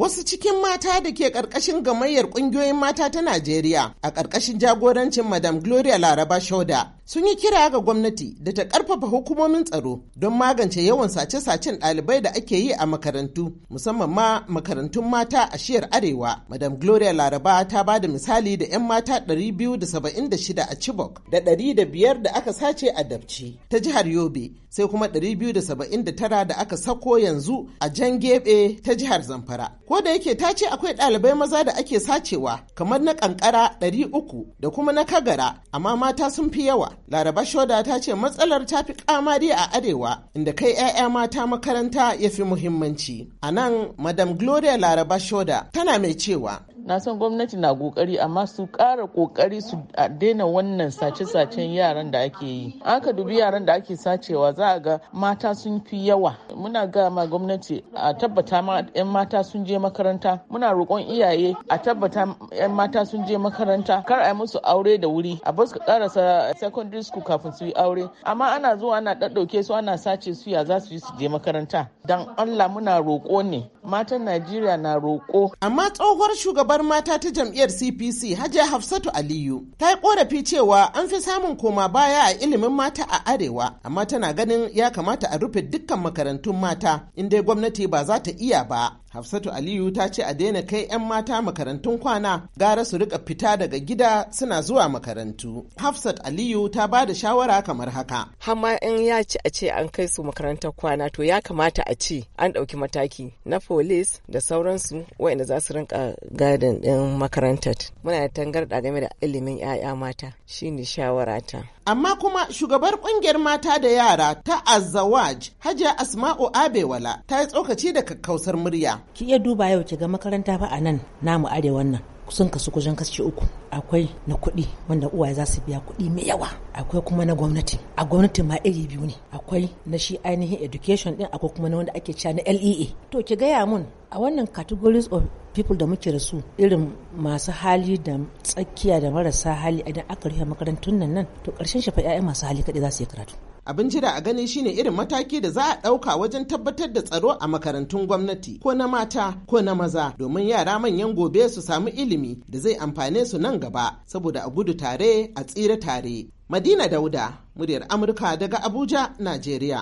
Wasu cikin mata da ke ƙarƙashin gamayyar ƙungiyoyin mata ta Najeriya a ƙarƙashin jagorancin Madam Gloria Laraba Shoda sun yi kira ga gwamnati da ta karfafa hukumomin tsaro don magance yawan sace-sacen ɗalibai da ake yi a makarantu musamman ma makarantun mata a shiyar arewa madam gloria laraba ta ba da misali da 'yan mata 276 a chibok da ɗari da aka sace a dabci ta jihar yobe sai kuma 279 da aka sako yanzu a jan gebe ta jihar zamfara ko da yake ta ce akwai ɗalibai maza da ake sacewa kamar na kankara 300 da kuma na kagara amma mata sun fi yawa Laraba Shoda ta ce matsalar ta fi kamari a arewa inda kai 'ya'ya mata makaranta ya fi muhimmanci. A nan Madam Gloria Laraba Shoda tana mai cewa na san gwamnati na kokari amma su ƙara kokari su daina wannan sace-sacen yaran da ake yi An ka dubi yaran da ake sacewa za a ga mata sun fi yawa muna ga ma gwamnati a tabbata ma 'yan mata sun je makaranta muna roƙon iyaye a tabbata 'yan mata sun je makaranta kar a yi musu aure da wuri a basu karasa secondary school kafin su yi aure amma ana zuwa ana ɗaɗɗauke su ana sace su ya za su yi su je makaranta dan allah muna roƙo ne matan najeriya na roƙo amma tsohuwar shugaba shugabar mata ta jam'iyyar CPC Hajiya Hafsatu Aliyu ta yi korafi cewa an fi samun koma baya a ilimin mata a arewa amma tana ganin ya kamata a rufe dukkan makarantun mata in dai gwamnati ba za ta iya ba. Hafsatu Aliyu ta ce a daina kai 'yan mata makarantun kwana gara su rika fita daga gida suna zuwa makarantu. Hafsat Aliyu ta ba da shawara kamar haka. Hama in ya ci a ce an kai su makarantar kwana to ya kamata a ce an ɗauki mataki na polis da sauransu waɗanda za su rinka gadin ɗin makarantar. Muna da tangarɗa game da ilimin 'ya'ya mata shi shine shawarata. Amma kuma shugabar ƙungiyar mata da yara ta Azawaj Hajiya Asma'u Abewala ta yi tsokaci da kakkausar murya. ki iya duba yau ki ga makaranta ba a nan namu arewan nan sun kasu kujen kashi uku akwai na kuɗi wanda uwaye za su biya kuɗi mai yawa akwai kuma na gwamnati a gwamnati ma iri biyu ne akwai na shi ainihin education din akwai kuma na wanda ake cewa na LEA to ki gaya mun a wannan categories of people da muke da su irin masu hali da tsakiya da marasa hali idan aka rufe makarantun nan nan to karshen shafa 'ya'ya masu hali kaɗai za su yi karatu abin jira a gani shine irin mataki da za a ɗauka wajen tabbatar da tsaro a makarantun gwamnati ko na mata ko na maza domin yara manyan gobe su samu ilimi da zai amfane su nan gaba saboda a gudu tare a tsira tare madina dauda muryar amurka daga abuja najeriya